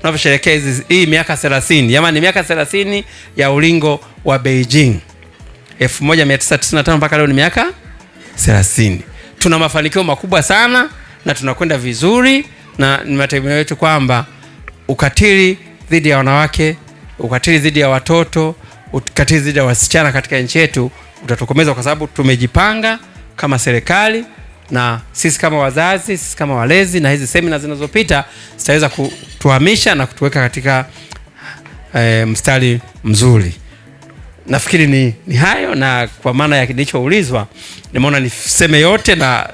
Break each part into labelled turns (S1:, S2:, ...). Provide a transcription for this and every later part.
S1: tunavyosherehekea hii miaka 30 jamani, miaka 30 ya ulingo wa Beijing 1995 mpaka leo ni miaka 30. Tuna mafanikio makubwa sana na tunakwenda vizuri, na ni mategemeo yetu kwamba ukatili dhidi ya wanawake, ukatili dhidi ya watoto, ukatili dhidi ya wasichana katika nchi yetu utatokomezwa, kwa sababu tumejipanga kama serikali na sisi kama wazazi, sisi kama walezi, na hizi semina zinazopita zitaweza kutuhamisha na kutuweka katika e, mstari mzuri. Nafikiri ni, ni hayo, na kwa maana ya kilichoulizwa nimeona niseme yote na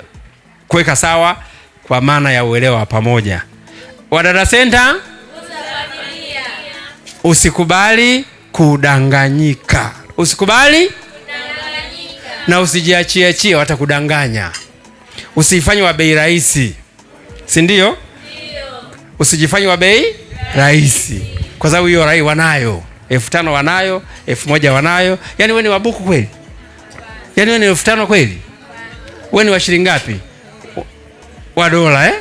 S1: kuweka sawa kwa maana ya uelewa wa pamoja. Wadada Senta, usikubali kudanganyika, usikubali
S2: kudanganyika,
S1: na usijiachiachie watakudanganya. Usijifanye wa bei rahisi, si ndio? Usijifanye wa bei rahisi, kwa sababu hiyo rai wanayo elfu tano wanayo elfu moja wanayo. yani wewe ni wabuku kweli? Yani wewe ni elfu tano kweli? Wewe ni wa shilingi ngapi? Wa dola eh?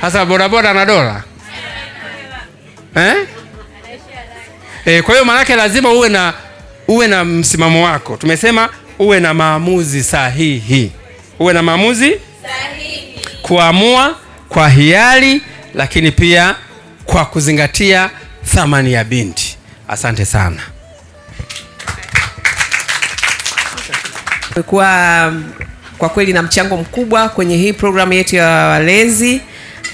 S1: Hasa bodaboda na dola eh? Eh, kwa hiyo maanake lazima uwe na uwe na msimamo wako. Tumesema uwe na maamuzi sahihi, uwe na maamuzi kuamua kwa hiari, lakini pia kwa kuzingatia thamani ya binti. Asante sana
S3: kwa, kwa kweli na mchango mkubwa kwenye hii programu yetu ya walezi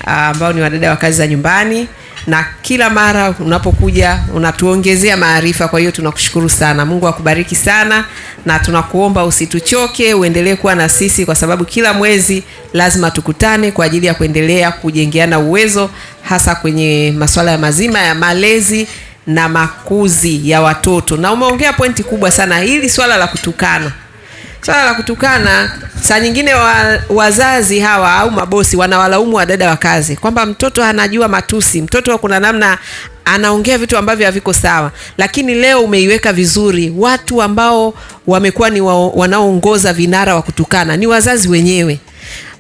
S3: ah, ambao ni wadada wa kazi za nyumbani na kila mara unapokuja unatuongezea maarifa. Kwa hiyo tunakushukuru sana, Mungu akubariki sana, na tunakuomba usituchoke, uendelee kuwa na sisi, kwa sababu kila mwezi lazima tukutane kwa ajili ya kuendelea kujengeana uwezo, hasa kwenye masuala ya mazima ya malezi na makuzi ya watoto. Na umeongea pointi kubwa sana, hili swala la kutukana Swala la kutukana saa nyingine wa, wazazi hawa au mabosi wanawalaumu wadada wa kazi kwamba mtoto anajua matusi, mtoto kuna namna anaongea vitu ambavyo haviko sawa, lakini leo umeiweka vizuri. Watu ambao wamekuwa ni wa, wanaoongoza vinara wa kutukana ni wazazi wenyewe.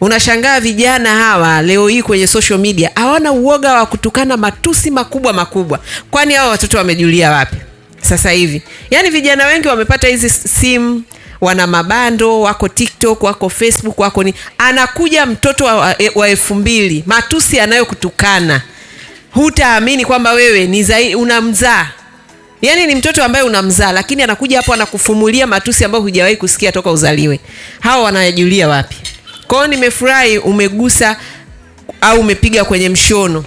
S3: Unashangaa vijana hawa leo hii kwenye social media hawana uoga wa kutukana matusi makubwa makubwa. Kwani hawa watoto wamejulia wapi sasa hivi? Yaani vijana wengi wamepata hizi simu wana mabando, wako TikTok, wako Facebook, wako ni anakuja mtoto wa, wa elfu mbili, matusi anayokutukana hutaamini kwamba wewe ni zaidi unamzaa. Yaani ni mtoto ambaye unamzaa, lakini anakuja hapo anakufumulia matusi ambayo hujawahi kusikia toka uzaliwe. Hawa wanayajulia wapi? kwao nimefurahi umegusa au umepiga kwenye mshono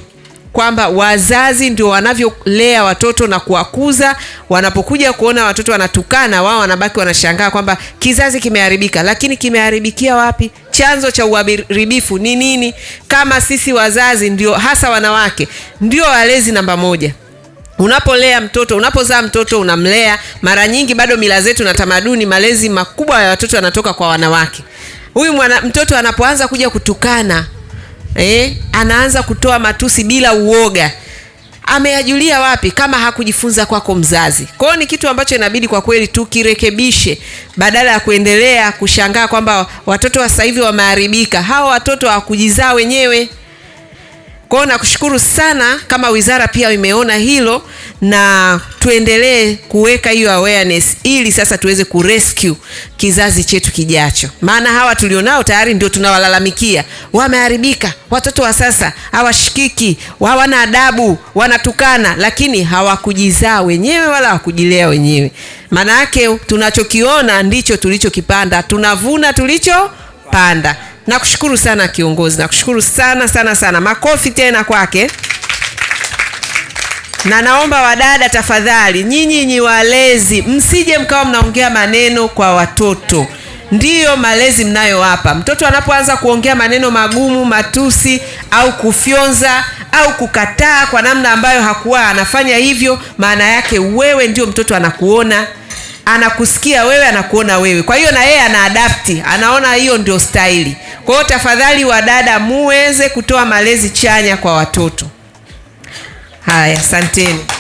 S3: kwamba wazazi ndio wanavyolea watoto na kuwakuza. Wanapokuja kuona watoto wanatukana, wao wanabaki wanashangaa kwamba kizazi kimeharibika. Lakini kimeharibikia wapi? Chanzo cha uharibifu ni nini? Kama sisi wazazi ndio, hasa wanawake, ndio walezi namba moja. Unapolea mtoto, unapozaa mtoto, unamlea. Mara nyingi bado mila zetu na tamaduni, malezi makubwa ya watoto yanatoka kwa wanawake. Huyu mwana, mtoto anapoanza kuja kutukana eh, anaanza kutoa matusi bila uoga ameyajulia wapi kama hakujifunza kwako mzazi? Kwa ni kitu ambacho inabidi kwa kweli tukirekebishe, badala ya kuendelea kushangaa kwamba watoto wa sasa hivi wameharibika. Hawa watoto hawakujizaa wenyewe kwao nakushukuru sana kama wizara pia imeona hilo, na tuendelee kuweka hiyo awareness ili sasa tuweze kurescue kizazi chetu kijacho, maana hawa tulionao tayari ndio tunawalalamikia, wameharibika. Watoto wa sasa hawashikiki, hawana adabu, wanatukana, lakini hawakujizaa wenyewe wala hawakujilea wenyewe. Maana yake tunachokiona ndicho tulichokipanda, tunavuna tulichopanda. Nakushukuru sana kiongozi, nakushukuru sana sana sana, makofi tena kwake. Na naomba wadada, tafadhali nyinyi nyi walezi, msije mkawa mnaongea maneno kwa watoto ndiyo malezi mnayo hapa. Mtoto anapoanza kuongea maneno magumu, matusi au kufyonza au kukataa kwa namna ambayo hakuwa anafanya hivyo, maana yake wewe ndio mtoto anakuona anakusikia wewe, anakuona wewe. Kwa hiyo na yeye anaadapti, anaona hiyo ndio staili. Kwa hiyo tafadhali, wadada, muweze kutoa malezi chanya kwa watoto. Haya, asanteni.